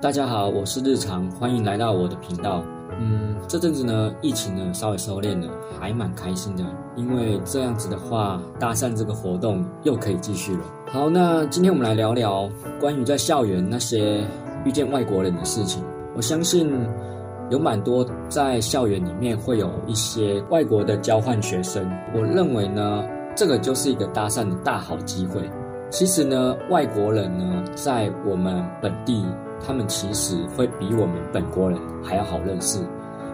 大家好，我是日常，歡迎來到我的頻道。嗯，這陣子呢，疫情呢稍微收斂了，還蠻開心的，因為這樣子的話，搭訕這個活動又可以繼續了。好，那今天我們來聊聊關於在校園那些遇見外國人的事情。我相信。有蠻多在校園裡面會有一些外國的交換學生，我認為呢，這個就是一個搭訕的大好機會。其實呢，外國人呢，在我們本地，他們其實會比我們本國人還要好認識，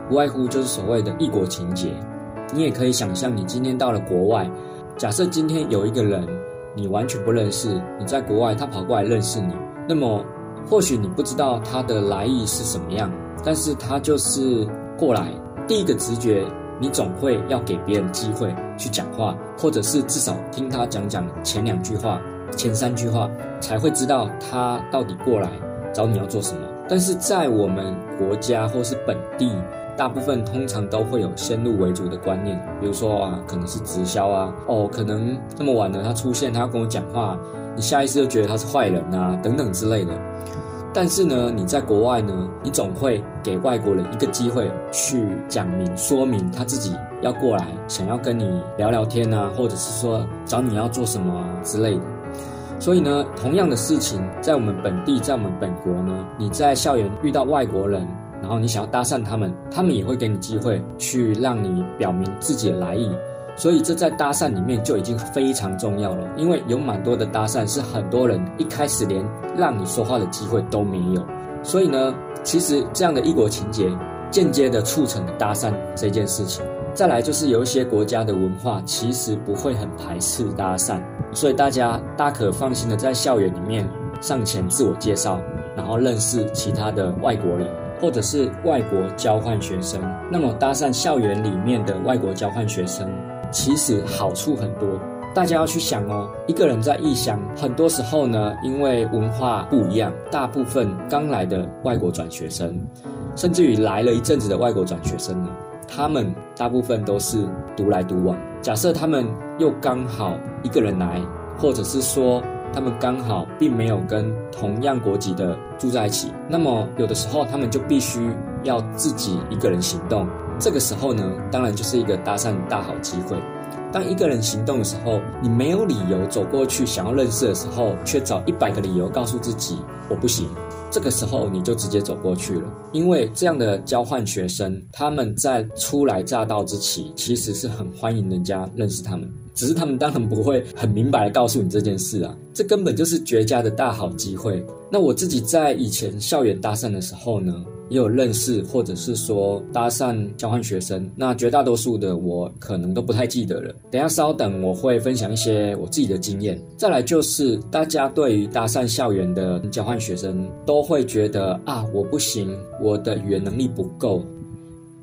不外乎就是所謂的異國情結。你也可以想象，你今天到了國外，假設今天有一個人你完全不認識，你在國外他跑過來認識你，那麼或許你不知道他的來意是什麼樣。但是他就是過來，第一個直覺，你總會要給別人機會去講話，或者是至少聽他講講前兩句話、前三句話，才會知道他到底過來找你要做什麼。但是在我們國家或是本地，大部分通常都會有先入為主的觀念，比如說啊，可能是直銷啊，哦，可能那麼晚了他出現，他要跟我講話，你下意識就覺得他是壞人啊，等等之類的。但是呢，你在國外呢，你總會給外國人一個機會去講明、說明他自己要過來，想要跟你聊聊天啊，或者是說找你要做什麼、啊、之類的。所以呢，同樣的事情在我們本地、在我們本國呢，你在校園遇到外國人，然後你想要搭訕他們，他們也會給你機會去讓你表明自己的來意。所以這在搭訕裡面就已經非常重要了，因為有蠻多的搭訕是很多人一開始連讓你說話的機會都沒有。所以呢，其實這樣的異國情結間接的促成了搭訕這件事情。再來就是有一些國家的文化其實不會很排斥搭訕，所以大家大可放心的在校園裡面上前自我介紹，然後認識其他的外國人或者是外國交換學生。那麼搭訕校園裡面的外國交換學生，其實好處很多，大家要去想哦。一個人在異鄉，很多時候呢，因為文化不一樣，大部分剛來的外國轉學生，甚至於來了一陣子的外國轉學生呢，他們大部分都是獨來獨往。假設他們又剛好一個人來，或者是說他們剛好並沒有跟同樣國籍的住在一起，那麼有的時候他們就必須要自己一個人行動。這個時候呢，當然就是一個搭訕的大好機會。當一個人行動的時候，你沒有理由走過去想要認識的時候，卻找一百個理由告訴自己我不行。這個時候你就直接走過去了，因為這樣的交換學生他們在初來乍到之際，其實是很歡迎人家認識他們。只是他們當然不會很明白的告訴你這件事啊，這根本就是絕佳的大好機會。那我自己在以前校園搭訕的時候呢，也有認識或者是說搭訕交換學生，那絕大多數的我可能都不太記得了。等下稍等，我會分享一些我自己的經驗。再來就是大家對於搭訕校園的交換學生都會覺得啊，我不行，我的語言能力不夠，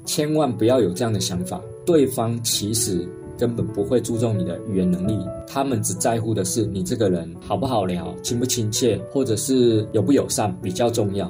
千萬不要有這樣的想法，對方其實。根本不會注重你的語言能力，他們只在乎的是你這個人好不好聊、親不親切，或者是友不友善比較重要。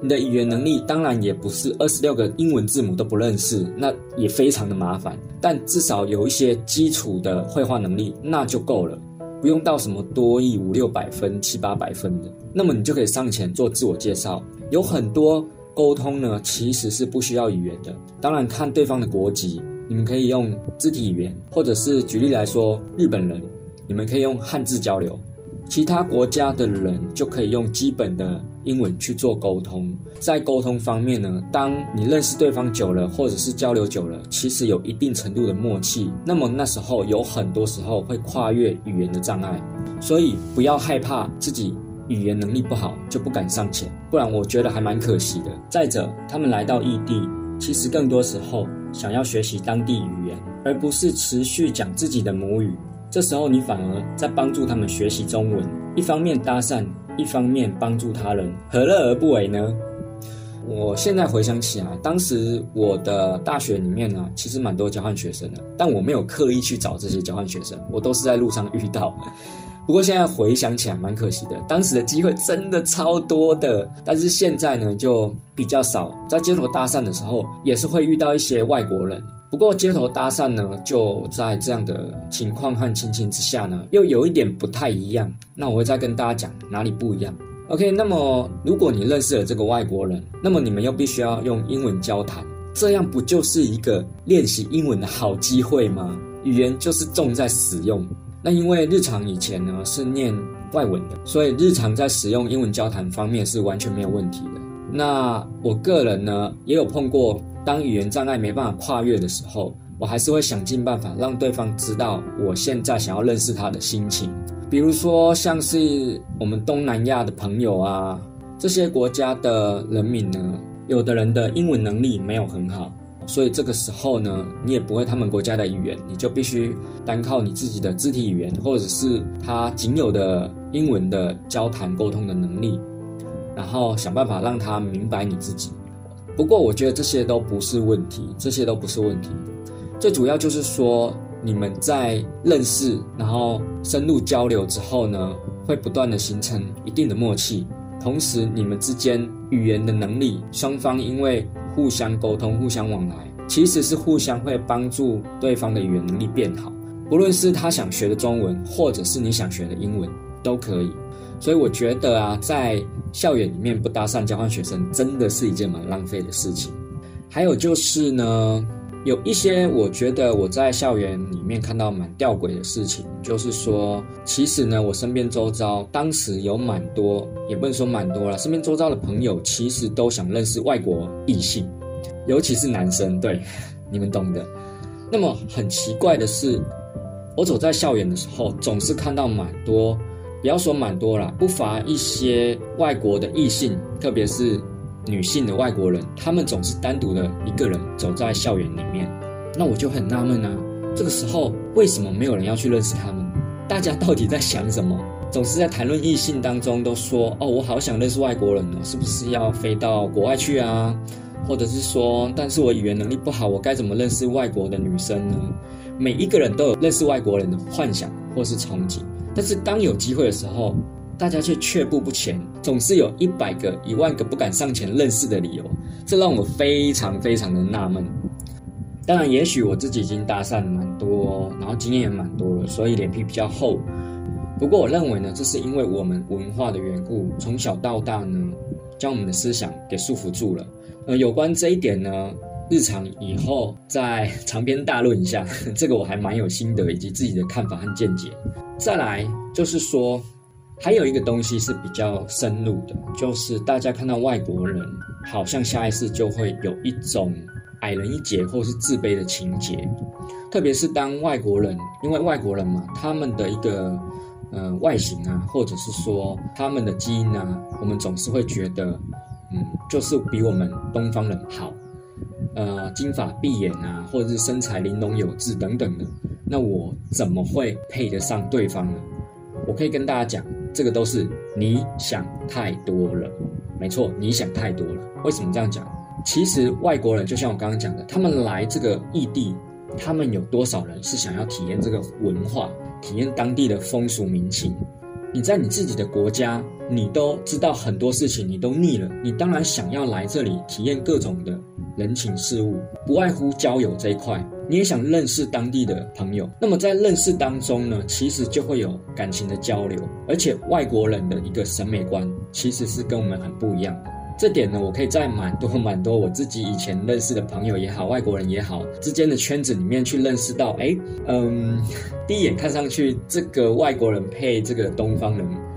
你的語言能力當然也不是二十六個英文字母都不認識，那也非常的麻煩。但至少有一些基礎的會話能力，那就夠了，不用到什麼多益五六百分、七八百分的，那麼你就可以上前做自我介紹。有很多溝通呢，其實是不需要語言的，當然看對方的國籍，你們可以用肢體語言，或者是舉例來說，日本人，你們可以用漢字交流，其他國家的人就可以用基本的英文去做溝通。在溝通方面呢，當你認識對方久了，或者是交流久了，其實有一定程度的默契，那麼那時候有很多時候會跨越語言的障礙。所以不要害怕自己語言能力不好就不敢上前，不然我覺得還蠻可惜的。再者，他們來到異地，其實更多時候。想要學習當地語言，而不是持續講自己的母語。這時候你反而在幫助他們學習中文，一方面搭訕，一方面幫助他人，何樂而不為呢？我現在回想起來，當時我的大學裡面呢，其實蠻多交換學生的，但我沒有刻意去找這些交換學生，我都是在路上遇到。不過現在回想起來蠻可惜的，當時的機會真的超多的，但是現在呢就比較少。在街頭搭訕的時候，也是會遇到一些外國人。不過街頭搭訕呢，就在這樣的情況和情形之下呢，又有一點不太一樣。那我會再跟大家講哪裡不一樣。OK，那麼如果你認識了這個外國人，那麼你們又必須要用英文交談，這樣不就是一個練習英文的好機會嗎？語言就是重在使用。那因為日常以前呢是念外文的，所以日常在使用英文交談方面是完全沒有問題的。那我個人呢也有碰過，當語言障礙沒辦法跨越的時候，我還是會想盡辦法讓對方知道我現在想要認識他的心情。比如說像是我們東南亞的朋友啊，這些國家的人民呢，有的人的英文能力沒有很好。所以這個時候呢，你也不會他們國家的語言，你就必須單靠你自己的肢體語言，或者是他僅有的英文的交談溝通的能力，然後想辦法讓他明白你自己。不過我覺得這些都不是問題，這些都不是問題。最主要就是說，你們在認識，然後深入交流之後呢，會不斷的形成一定的默契。同時，你們之間語言的能力，雙方因為互相溝通、互相往來，其實是互相會幫助對方的語言能力變好。不論是他想學的中文，或者是你想學的英文，都可以。所以我覺得啊，在校園裡面不搭訕交換學生，真的是一件蠻浪費的事情。還有就是呢。有一些，我覺得我在校園裡面看到蠻弔詭的事情，就是說，其實呢，我身邊周遭當時有蠻多，也不能說蠻多啦。身邊周遭的朋友其實都想認識外國異性，尤其是男生，對，你們懂的。那麼很奇怪的是，我走在校園的時候，總是看到蠻多，不要說蠻多啦，不乏一些外國的異性，特別是。女性的外國人，她們總是單獨的一個人走在校園裡面，那我就很納悶啊。這個時候為什麼沒有人要去認識他們？大家到底在想什麼？總是在談論異性當中都說：“哦，我好想認識外國人哦，是不是要飛到國外去啊？”或者是說：“但是我語言能力不好，我該怎麼認識外國的女生呢？”每一個人都有認識外國人的幻想或是憧憬，但是當有機會的時候。大家卻卻步不前，總是有一百個、一萬個不敢上前認識的理由，這讓我非常非常的納悶。當然，也許我自己已經搭訕了蠻多，然後經驗也蠻多了，所以臉皮比較厚。不過，我認為呢，這是因為我們文化的緣故，從小到大呢，將我們的思想給束縛住了。呃，有關這一點呢，日常以後再長篇大論一下，這個我還蠻有心得以及自己的看法和見解。再來就是說。還有一個東西是比較深入的，就是大家看到外國人，好像下意識就會有一種矮人一截或是自卑的情結。特別是當外國人，因為外國人嘛，他們的一個呃外形啊，或者是說他們的基因啊，我們總是會覺得，嗯，就是比我們東方人好，呃，金髮碧眼啊，或者是身材玲瓏有致等等的，那我怎麼會配得上對方呢？我可以跟大家講。這個都是你想太多了，沒錯，你想太多了。為什麼這樣講？其實外國人就像我剛剛講的，他們來這個異地，他們有多少人是想要體驗這個文化，體驗當地的風俗民情？你在你自己的國家，你都知道很多事情，你都膩了，你當然想要來這裡體驗各種的人情事物，不外乎交友這一塊。你也想認識當地的朋友，那麼在認識當中呢，其實就會有感情的交流，而且外國人的一個審美觀其實是跟我們很不一樣的。這點呢，我可以在蠻多蠻多我自己以前認識的朋友也好，外國人也好之間的圈子裡面去認識到，哎、欸，嗯，第一眼看上去這個外國人配這個東方人。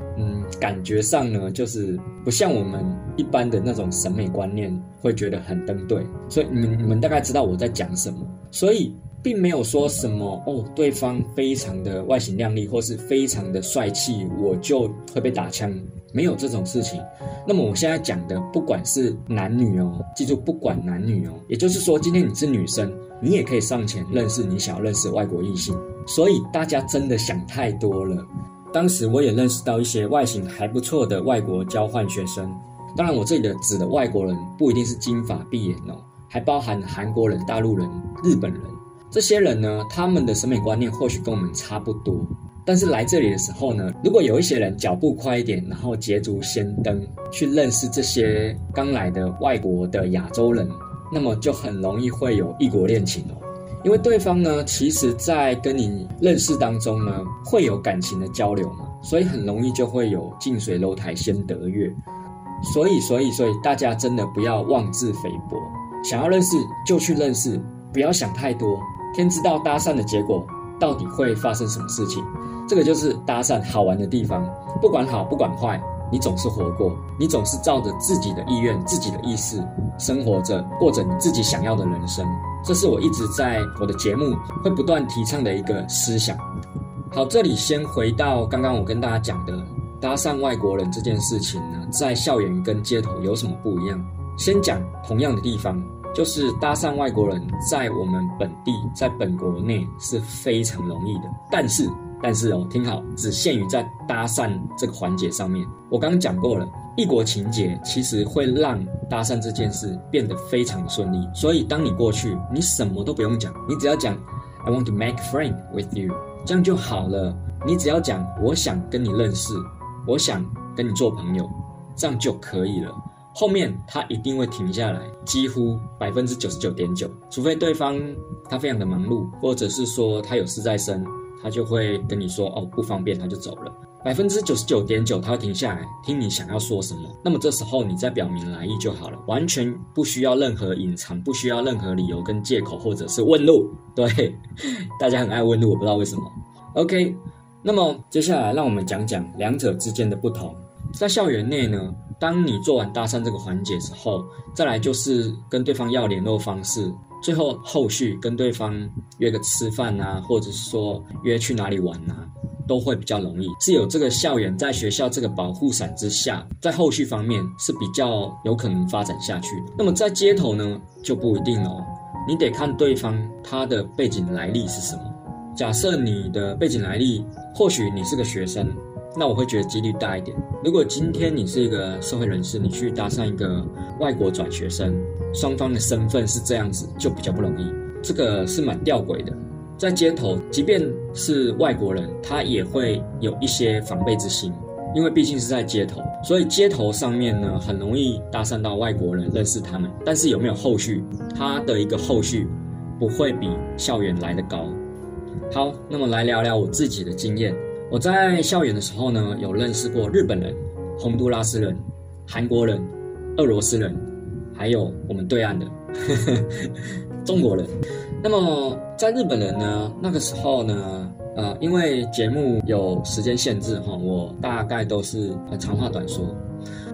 感覺上呢，就是不像我們一般的那種審美觀念會覺得很登對，所以你們你們大概知道我在講什麼。所以並沒有說什麼哦，對方非常的外形靚麗或是非常的帥氣，我就會被打槍，沒有這種事情。那麼我現在講的，不管是男女哦，記住，不管男女哦，也就是說，今天你是女生，你也可以上前認識你想要認識外國異性。所以大家真的想太多了。當時我也認識到一些外形還不錯的外國交換學生，當然我這裡的指的外國人不一定是金髮碧眼哦，還包含韓國人、大陸人、日本人這些人呢，他們的審美觀念或許跟我們差不多，但是來這裡的時候呢，如果有一些人腳步快一點，然後捷足先登去認識這些剛來的外國的亞洲人，那麼就很容易會有異國戀情哦。因為對方呢，其實，在跟你認識當中呢，會有感情的交流嘛，所以很容易就會有近水樓台先得月。所以，所以，所以，大家真的不要妄自菲薄，想要認識就去認識，不要想太多。天知道搭訕的結果到底會發生什麼事情？這個就是搭訕好玩的地方。不管好，不管壞，你總是活過，你總是照着自己的意願、自己的意思生活着，過着你自己想要的人生。這是我一直在我的節目會不斷提倡的一個思想。好，這裡先回到剛剛我跟大家講的搭訕外國人這件事情呢，在校園跟街頭有什麼不一樣？先講同樣的地方，就是搭訕外國人在我們本地，在本國內是非常容易的，但是。但是哦，聽好，只限於在搭訕這個環節上面。我剛剛講過了，異國情結其實會讓搭訕這件事變得非常的順利。所以當你過去，你什麼都不用講，你只要講 “I want to make friend with you”，這樣就好了。你只要講“我想跟你認識，我想跟你做朋友”，這樣就可以了。後面他一定會停下來，幾乎百分之九十九點九，除非對方他非常的忙碌，或者是說他有事在身。他就會跟你說哦，不方便，他就走了。百分之九十九點九，他會停下來聽你想要說什麼。那麼這時候你再表明來意就好了，完全不需要任何隱藏，不需要任何理由跟借口，或者是問路。對，大家很愛問路，我不知道為什麼。OK，那麼接下來讓我們講講兩者之間的不同。在校園內呢，當你做完搭訕這個環節之後，再來就是跟對方要聯絡方式。最後後續跟對方約個吃飯啊，或者是說約去哪裡玩啊，都會比較容易。是有這個校園在學校這個保護傘之下，在後續方面是比較有可能發展下去。那麼在街頭呢，就不一定了哦，你得看對方他的背景來歷是什麼。假設你的背景來歷，或許你是個學生。那我會覺得幾率大一點。如果今天你是一個社會人士，你去搭訕一個外國轉學生，雙方的身份是這樣子，就比較不容易。這個是蠻弔詭的。在街頭，即便是外國人，他也會有一些防備之心，因為畢竟是在街頭，所以街頭上面呢，很容易搭訕到外國人，認識他們。但是有沒有後續，他的一個後續，不會比校園來得高。好，那麼來聊聊我自己的經驗。我在校園的時候呢，有認識過日本人、洪都拉斯人、韓國人、俄羅斯人，還有我們對岸的呵呵中國人。那麼在日本人呢，那個時候呢，呃，因為節目有時間限制哈，我大概都是呃長話短說。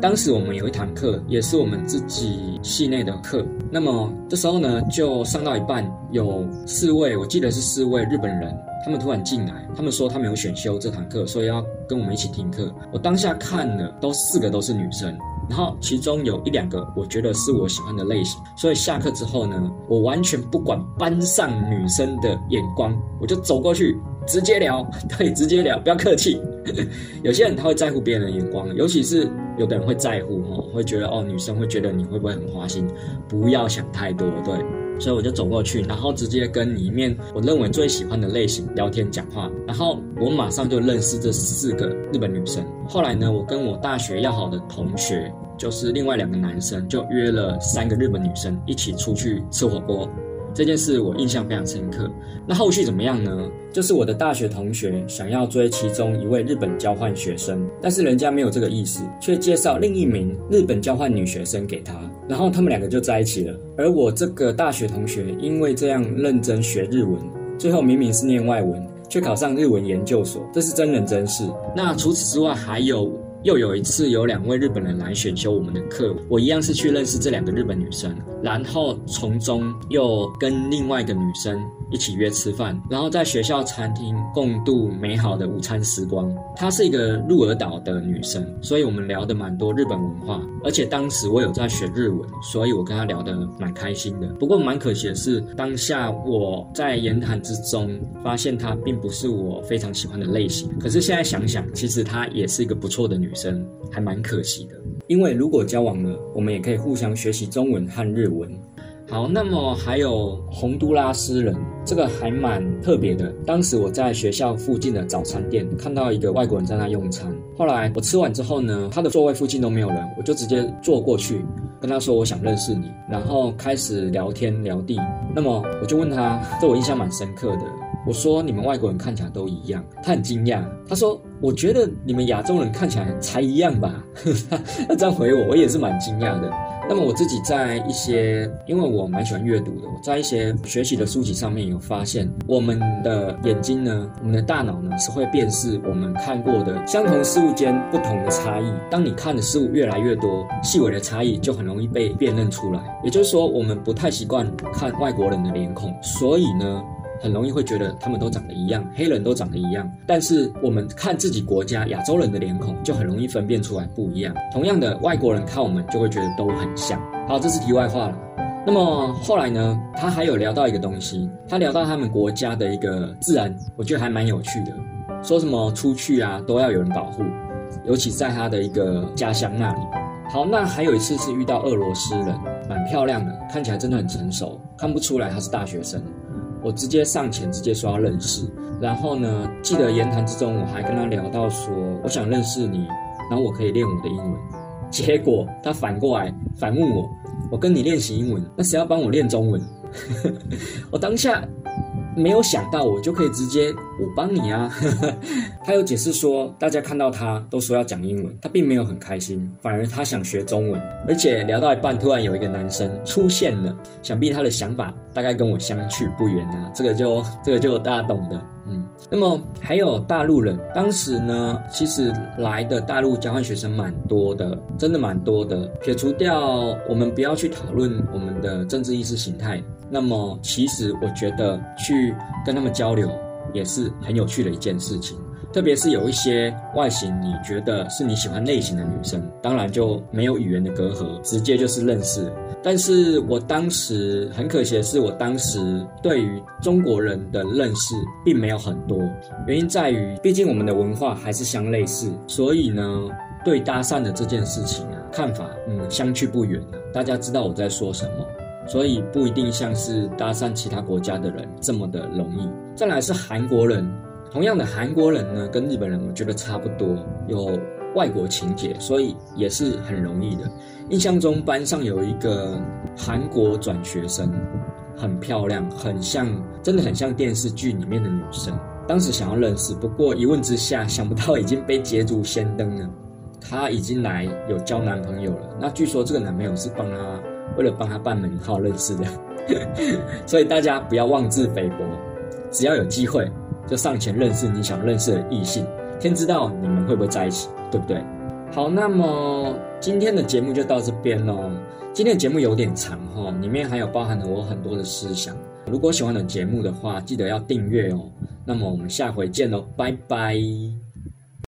當時我們有一堂課，也是我們自己系內的課。那麼這時候呢，就上到一半，有四位，我記得是四位日本人。他們突然進來，他們說他們有選修這堂課，所以要跟我們一起聽課。我當下看了，都四個都是女生，然後其中有一兩個我覺得是我喜歡的類型。所以下課之後呢，我完全不管班上女生的眼光，我就走過去直接聊，對，直接聊，不要客氣。 有些人他會在乎別人的眼光，尤其是有的人會在乎，哈，會覺得哦，女生會覺得你會不會很花心，不要想太多，對。所以我就走過去，然後直接跟裡面我認為最喜歡的類型聊天講話，然後我馬上就認識這四個日本女生。後來呢，我跟我大學要好的同學，就是另外兩個男生，就約了三個日本女生一起出去吃火鍋。這件事我印象非常深刻。那後續怎麼樣呢？就是我的大學同學想要追其中一位日本交換學生，但是人家沒有這個意思，卻介紹另一名日本交換女學生給他，然後他們兩個就在一起了。而我這個大學同學因為這樣認真學日文，最後明明是念外文，卻考上日文研究所，這是真人真事。那除此之外還有。又有一次，有兩位日本人來選修我們的課，我一樣是去認識這兩個日本女生，然後從中又跟另外一個女生。一起約吃飯，然後在學校餐廳共度美好的午餐時光。她是一個鹿兒島的女生，所以我們聊得蠻多日本文化，而且當時我有在學日文，所以我跟她聊得蠻開心的。不過蠻可惜的是，當下我在言談之中發現她並不是我非常喜歡的類型。可是現在想想，其實她也是一個不錯的女生，還蠻可惜的。因為如果交往了，我們也可以互相學習中文和日文。好，那麼還有洪都拉斯人，這個還蠻特別的。當時我在學校附近的早餐店看到一個外國人在那用餐，後來我吃完之後呢，他的座位附近都沒有人，我就直接坐過去，跟他說，我想認識你，然後開始聊天聊地。那麼我就問他，這我印象蠻深刻的。我說，你們外國人看起來都一樣，他很驚訝，他說我覺得你們亞洲人看起來才一樣吧。 那這樣回我，我也是蠻驚訝的。那麼我自己在一些，因為我蠻喜歡閱讀的，我在一些學習的書籍上面有發現，我們的眼睛呢，我們的大腦呢是會辨識我們看過的相同事物間不同的差異。當你看的事物越來越多，細微的差異就很容易被辨認出來。也就是說，我們不太習慣看外國人的臉孔，所以呢。很容易會覺得他們都長得一樣，黑人都長得一樣。但是我們看自己國家亞洲人的臉孔，就很容易分辨出來不一樣。同樣的外國人看我們，就會覺得都很像。好，這是題外話了。那麼後來呢，他還有聊到一個東西，他聊到他們國家的一個自然，我覺得還蠻有趣的。說什麼出去啊都要有人保護，尤其在他的一個家鄉那裡。好，那還有一次是遇到俄羅斯人，蠻漂亮的，看起來真的很成熟，看不出來他是大學生。我直接上前，直接說要認識。然後呢，記得言談之中，我還跟他聊到說，我想認識你，然後我可以練我的英文。結果他反過來反問我，我跟你練習英文，那誰要幫我練中文？ 我當下。沒有想到我就可以直接我幫你啊， 他有解釋說，大家看到他都說要講英文，他並沒有很開心，反而他想學中文，而且聊到一半突然有一個男生出現了，想必他的想法大概跟我相去不遠啊，這個就這個就大家懂的。那麼還有大陸人，當時呢，其實來的大陸交換學生蠻多的，真的蠻多的，撇除掉，我們不要去討論我們的政治意識形態，那麼其實我覺得去跟他們交流也是很有趣的一件事情。特別是有一些外形你覺得是你喜歡類型的女生，當然就沒有語言的隔閡，直接就是認識。但是我當時很可惜的是，我當時對於中國人的認識並沒有很多，原因在於畢竟我們的文化還是相類似，所以呢，對搭訕的這件事情啊，看法，嗯，相去不遠啊，大家知道我在說什麼，所以不一定像是搭訕其他國家的人這麼的容易。再來是韓國人。同樣的韓國人呢，跟日本人我覺得差不多，有外國情結，所以也是很容易的。印象中班上有一個韓國轉學生，很漂亮，很像，真的很像電視劇裡面的女生。當時想要認識，不過一問之下，想不到已經被捷足先登了。她已經來有交男朋友了。那據說這個男朋友是幫她為了幫她辦門號認識的。 所以大家不要妄自菲薄，只要有機會。就上前認識你想認識的異性，天知道你們會不會在一起，對不對？好，那麼今天的節目就到這邊嘍。今天的節目有點長哈，裡面還有包含了我很多的思想。如果喜歡的節目的話，記得要訂閱哦。那麼我們下回見嘍，拜拜。